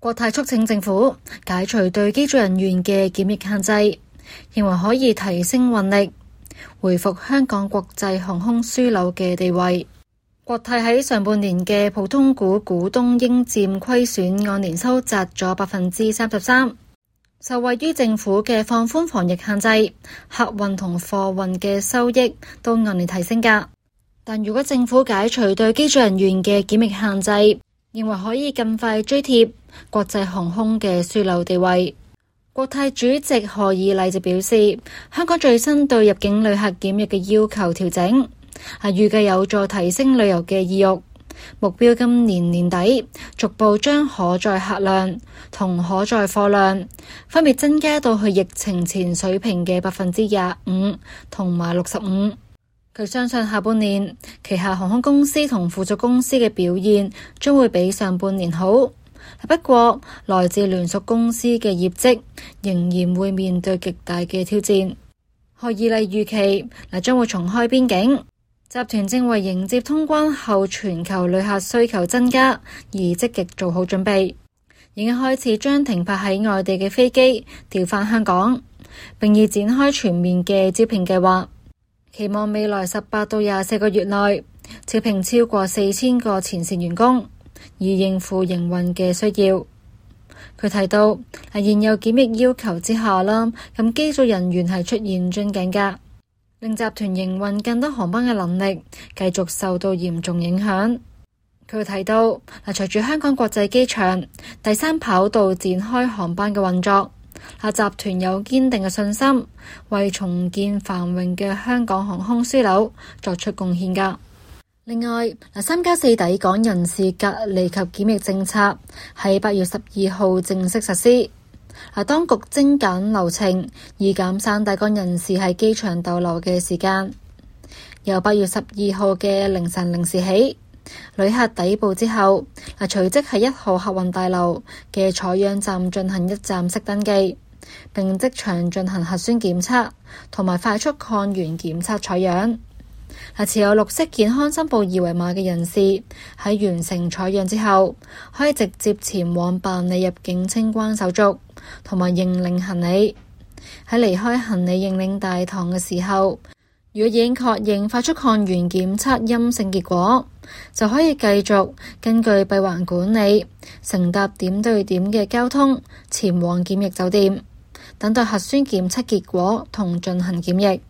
國泰促請政府解除對機組人員嘅檢疫限制，認為可以提升運力，回復香港國際航空樞紐嘅地位。國泰喺上半年嘅普通股股東應佔虧損按年收窄咗百分之三十三，受惠於政府嘅放寬防疫限制，客運同貨運嘅收益都按年提升㗎。但如果政府解除對機組人員嘅檢疫限制，認為可以更快追貼國際航空嘅樞紐地位。國泰主席何以禮就表示，香港最新對入境旅客檢疫嘅要求調整，係預計有助提升旅遊嘅意欲。目標今年年底逐步將可載客量同可載貨量分別增加到去疫情前水平嘅百分之廿五同埋六十五。佢相信下半年旗下航空公司同附屬公司嘅表現，將會比上半年好。不過，來自聯屬公司嘅業績仍然會面對極大嘅挑戰。何以麗預期嗱將會重開邊境，集團正為迎接通關後全球旅客需求增加而積極做好準備，已經開始將停泊喺外地嘅飛機調返香港，並已展開全面嘅招聘計劃。期望未來十八到廿四個月內招聘超過四千個前線員工，以應付營運嘅需要。佢提到，喺現有檢疫要求之下啦，咁機組人員係出現樽頸噶，令集團營運更多航班嘅能力繼續受到嚴重影響。佢提到，嗱，隨住香港國際機場第三跑道展開航班嘅運作。嗱，集團有堅定嘅信心，為重建繁榮嘅香港航空樞紐作出貢獻㗎。另外，三加四抵港人士隔離及檢疫政策喺八月十二號正式實施。嗱，當局精簡流程，以減省抵港人士喺機場逗留嘅時間，由八月十二號嘅凌晨零時起。旅客抵埗之後，嗱隨即喺一號客運大樓嘅採樣站進行一站式登記，並即場進行核酸檢測同埋快速抗原檢測採樣。嗱，持有綠色健康申報二維碼嘅人士喺完成採樣之後，可以直接前往辦理入境清關手續同埋認領行李。喺離開行李認領大堂嘅時候，如果已經確認快速抗原檢測陰性結果，就可以繼續根據閉環管理，乘搭點對點嘅交通前往檢疫酒店，等待核酸檢測結果同進行檢疫。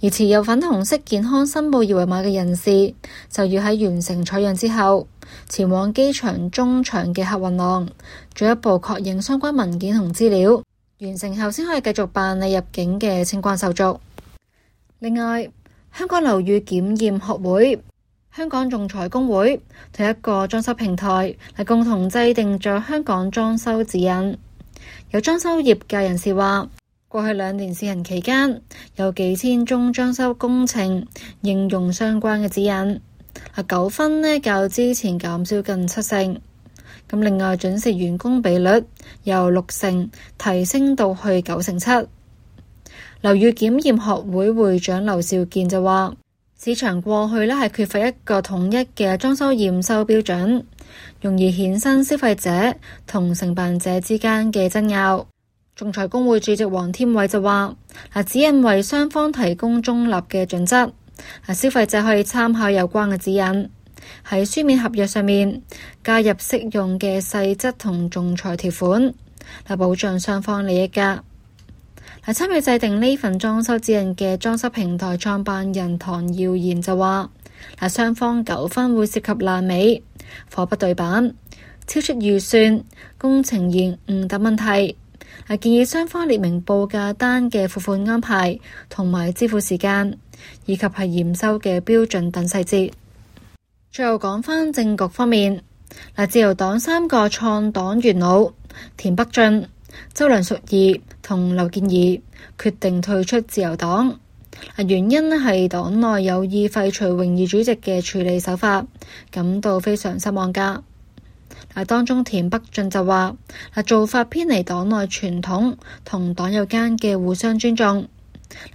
而持有粉紅色健康申報二維碼嘅人士，就要喺完成採樣之後，前往機場中場嘅客運廊，進一步確認相關文件同資料，完成後先可以繼續辦理入境嘅清關手續。另外，香港樓宇檢驗學會、香港仲裁公會同一個裝修平台係共同制定咗香港裝修指引。有裝修業界人士話，過去兩年試行期間，有幾千宗裝修工程應用相關嘅指引。啊，糾紛呢較之前減少近七成。咁另外，準時完工比率由六成提升到去九成七。樓宇檢驗學會會長劉兆健就話：市場過去呢係缺乏一個統一嘅裝修驗收標準，容易衍生消費者同承辦者之間嘅爭拗。仲裁公會主席黃天偉就話：嗱，指引為雙方提供中立嘅準則，嗱，消費者可以參考有關嘅指引，喺書面合約上面加入適用嘅細則同仲裁條款，嚟保障雙方利益噶。係參與制定呢份裝修指引嘅裝修平台創辦人唐耀賢就話：嗱，雙方糾紛會涉及爛尾、貨不對板、超出預算、工程延誤等問題。建議雙方列明報價單嘅付款安排同埋支付時間，以及係驗收嘅標準等細節。最後講返政局方面，自由黨三個創黨元老田北俊。周梁淑儀同劉健儀決定退出自由黨，原因咧係黨內有意廢除榮譽主席嘅處理手法，感到非常失望噶。嗱，當中田北俊就話，做法偏離黨內傳統同黨友間嘅互相尊重。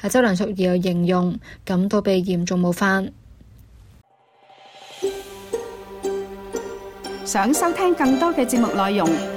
周梁淑儀又形容感到被嚴重冒犯，想收聽更多嘅節目內容。